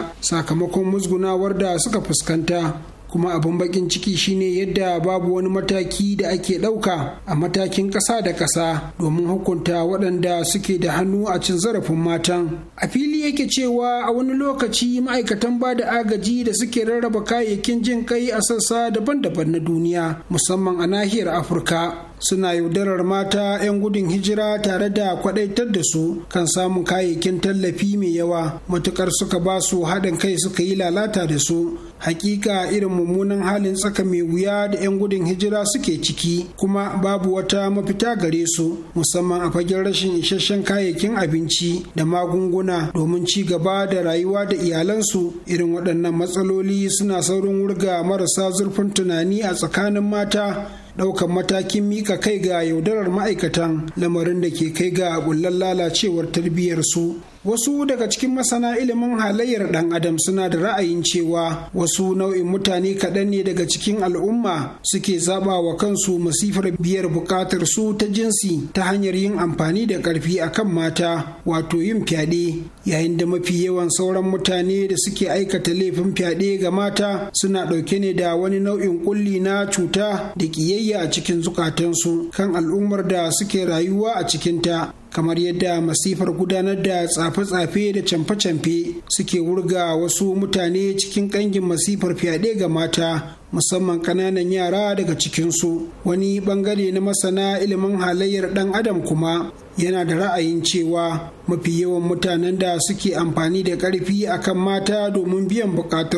sakamakon musgunawar da suka fuskanta kuma abin bakin ciki shine yadda babu wani mataki da ake ɗauka a matakin ƙasa da ƙasa domin hukunta waɗanda suke da hannu a cin zarafin matan a fili yake cewa a wani lokaci ma'aikatan ba da agaji da suke rarraba kayayyakin jin kai a sassa daban-daban na duniya musamman a nahiyar afirka suna yaudarar mata 'yan gudun hijira tare da kwadaitar da su kan samun kayayyakin tallafi mai yawa matukar suka ba su haɗin kai suka yi lalata da su hakika irin mummunan halin tsaka mai wuya da 'yan gudun hijira suke ciki kuma babu wata mafita gare su musamman a fagen rashin isasshen kayayyakin abinci da magunguna domin ci gaba da rayuwa da iyalansu irin waɗannan matsaloli suna saurin wurga marasa zurfin tunani a tsakanin mata ɗaukan matakin mika kai ga yaudarar ma'aikatan lamarin da ke kai ga bullar lalacewar tarbiyyarsu wasu daga cikin masana ilimin halayyar ɗan adam suna da ra'ayin cewa wasu nau'in mutane kaɗan ne daga cikin al'umma suke zaba wa kansu masifar biyar buƙatar su ta jinsi ta hanyar yin amfani da ƙarfi akan mata wato yin fyaɗe yayin da mafi yawan sauran mutane da suke aikata laifin fyaɗe ga mata suna ɗauke ne da wani nau'in ƙulli na cuta da ƙiyayya a cikin zukatansu kan al'ummar da suke rayuwa a cikinta kamar yadda masifar gudanar da tsafe-tsafe da camfe-camfe suke wurga wasu mutane cikin ƙangin masifar fyaɗe ga mata musamman ƙananan yara daga cikinsu wani bangare na masana ilimin halayyar ɗan adam kuma yana da ra'ayin cewa mafi yawan mutanen da suke amfani da ƙarfi kan mata domin biyan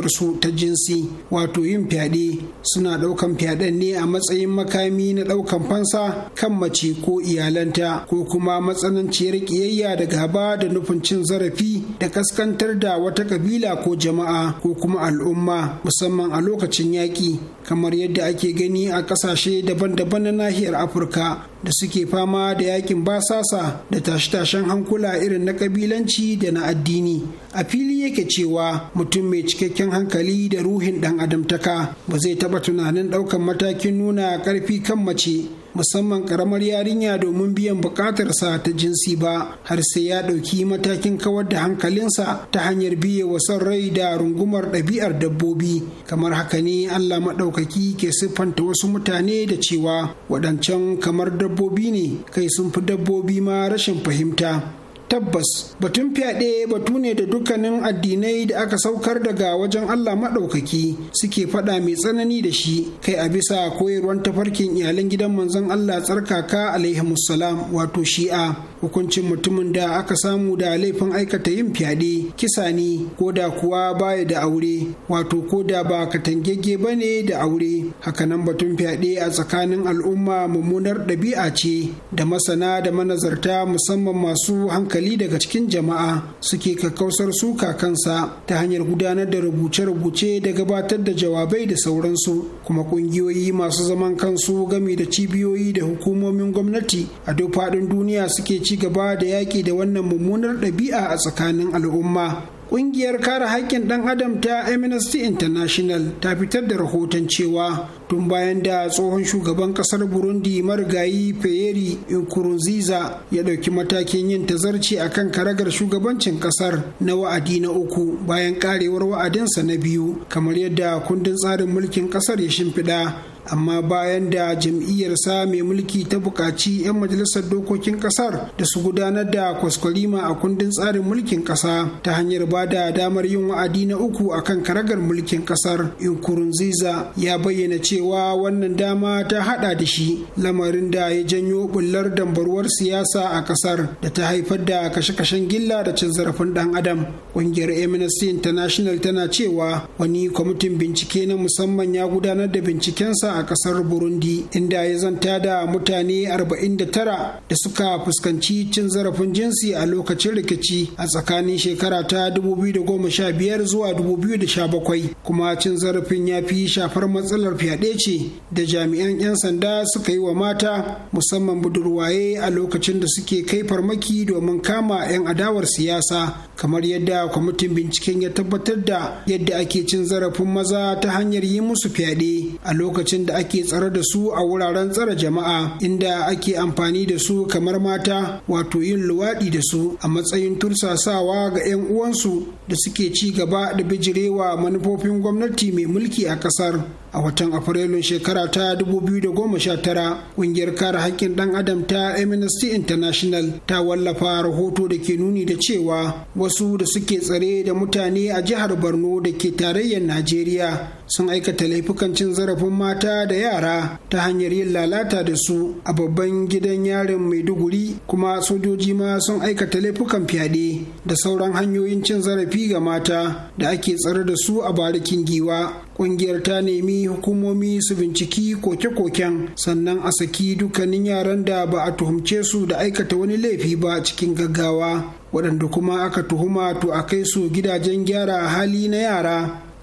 su ta jinsi wato yin fyaɗe suna ɗaukan fyaɗen ne a matsayin makami na ɗaukan fansa kan mace ko iyalanta ko kuma matsananciyar ƙiyayya da gaba da nufin cin zarafi da ƙaskantar da wata ƙabila ko jama'a ko kuma al'umma musamman a lokacin yaƙi kamar yadda ake gani a ƙasashe daban-daban na nahiyar afirka da suke fama da yaƙin basasa da tashe-tashen hankula a irin na kabilanci da na addini a fili yake cewa mutum mai cikakken hankali da ruhin dan adamtaka ba zai taba tunanin daukan matakin nuna karfi kan mace musamman karamar yarinya domin biyan bukatarsa ta jinsi ba har sai ya ɗauki matakin kawar da hankalinsa ta hanyar biye wa son rai da rungumar ɗabi'ar dabbobi kamar haka ne allah maɗaukaki ke siffanta wasu mutane da cewa waɗancan kamar dabbobi ne kai sun fi dabbobi ma rashin fahimta tabbas batun fyaɗe batu ne da dukkanin addinai da aka saukar daga wajen Allah maɗaukaki suke faɗa mai tsanani da shi kai a bisa koyarwar tafarkin iyalan gidan manzon Allah tsarkaka alaihimussalam wato shi'a hukuncin mutumin da aka samu da laifin aikata yin fyaɗe kisa ne ko da kuwa baya da aure wato ko da ba katangegge ba ne da aure hakanan batun fyaɗe a tsakanin al'umma mummunar ɗabi'a ce da masana da manazarta musamman masu hankali daga cikin jama'a suke kakkausar suka kansa ta hanyar gudanar da rubuce-rubuce da gabatar da jawabai da sauransu kuma ƙungiyoyi masu zaman kansu gami da cibiyoyi da hukumomin gwamnati a duk faɗin duniya suke ci ci gaba da yaƙi da wannan mummunar ɗabi'a a tsakanin al'umma Ƙungiyar kare haƙƙin ɗan adam ta Amnesty International ta fitar da rahoton cewa tun bayan da tsohon shugaban ƙasar Burundi marigayi feyeri Nkurunziza ya ɗauki matakin yin tazarci a kan karagar shugabancin ƙasar na wa'adi na uku bayan ƙarewar wa'adinsa na biyu kamar yadda kundin tsarin mulkin ƙasar ya shimfiɗa amma bayan da jam'iyyarsa mai mulki ta buƙaci 'yan majalisar dokokin ƙasar da su gudanar da kwaskwarima a kundin tsarin mulkin ƙasa ta hanyar ba da damar yin wa'adi na uku a kan karagar mulkin kasar nkurunziza ya bayyana cewa wannan dama ta hada da shi lamarin da ya janyo bullar dambarwar siyasa a kasar da ta haifar da kashe-kashen gilla da cin zarafin dan adam ƙungiyar amnesty international tana cewa wani kwamitin bincike na musamman ya gudanar da bincikensa a kasar burundi inda ya zanta da mutane 49 da suka fuskanci cin zarafin jinsi a lokacin rikici a tsakanin shekara ta dubu. 2015 zuwa 2017 kuma cin zarafin ya fi shafar matsalar fyaɗe ce da jami'an 'yan sanda suka yi wa mata musamman budurwaye a lokacin da suke kai farmaki domin kama 'yan adawar siyasa kamar yadda kwamitin binciken ya tabbatar da yadda ake cin zarafin maza ta hanyar yi musu fyaɗe a lokacin da ake tsare da su a wuraren tsare jama'a inda ake amfani da su kamar mata wato yin luwaɗi da su a matsayin tursasawa ga 'yan uwansu da suke ci gaba da bijirewa manufofin gwamnati mai mulki a kasar a watan afrilun shekara ta 2019 kungiyar kare haƙƙin ɗan adam ta amnesty international ta wallafa rahoto da ke nuni da cewa wasu da suke tsare da mutane a jihar borno da ke tarayyar najeriya sun aikata laifukan cin zarafin mata da yara ta hanyar yin lalata da su a babban gidan yarin maiduguri kuma sojoji ma sun aikata laifukan fyaɗe da sauran hanyoyin cin zarafi ga mata da ake tsare da su a barikin giwa Ƙungiyar ta nemi hukumomi su binciki koke-koken sannan a saki dukkanin yaran da ba a tuhumce su da aikata wani laifi ba cikin gaggawa waɗanda kuma aka tuhuma to a kai su gidajen gyara hali na yara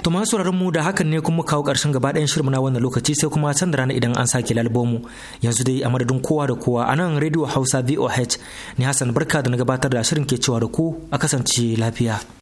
To masu mu da hakan ne kuma kawo ƙarshen gaba ɗayan shirin na wannan lokaci sai kuma can da rana idan an sake lalbomu yanzu dai a madadin kowa da kowa a nan rediyo Hausa VOH ne Hassan Barka da na gabatar da shirin ke cewa da ku a kasance lafiya.